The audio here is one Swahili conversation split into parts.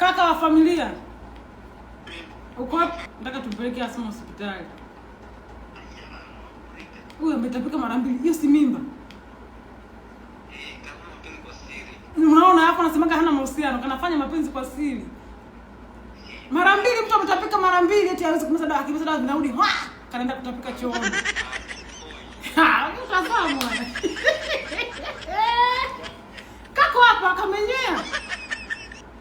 kaka wa familia uko wapi? Nataka tupeleke Asma hospitali. Huyo ametapika mara mbili, hiyo si mimba. Unaona hapo nasemaga hana mahusiano, kanafanya mapenzi kwa siri. Mara mbili mtu ametapika mara mbili eti hawezi kumeza dawa, akimeza dawa kanaenda kutapika chooni.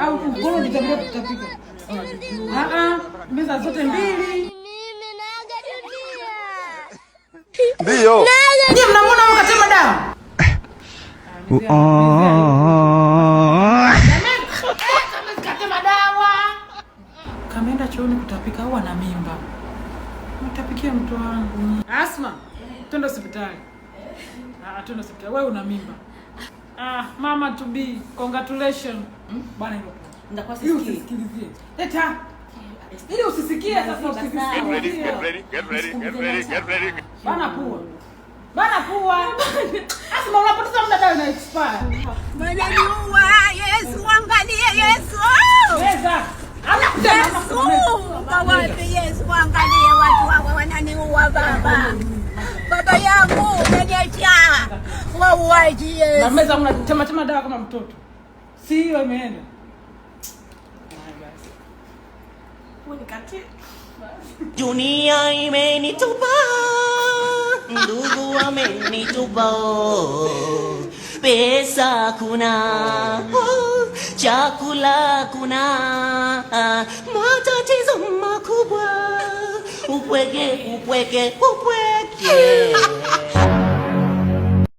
au kugoro nitambia tutapika. Ah ah, meza zote mbili. Ndio. Ndio mnamuona huko katema damu. Kameenda chooni kutapika au ana mimba? Mtapikia mtu wangu. Asma, twende hospitali. Ah, twende hospitali. Wewe una mimba. Ah, mama to be. Congratulations. Hmm? Bwana hilo. Ndakuwa sisikii. Leta. Ili usisikie sasa usisikie. Get ready, get ready, get ready, get ready, get ready. Bana pua. Bana pua. Asma unapoteza muda dawa ina expire. Bana niua Yesu, angalie Yesu. Weza. Ana Yesu. Baba Yesu, angalie watu wananiua baba. Baba yangu wewe Yes. Na meza dawa kama mtoto. Si hiyo imeenda. Dunia imenitupa, ndugu amenitupa, pesa kuna, chakula kuna, matatizo makubwa, upweke upweke upweke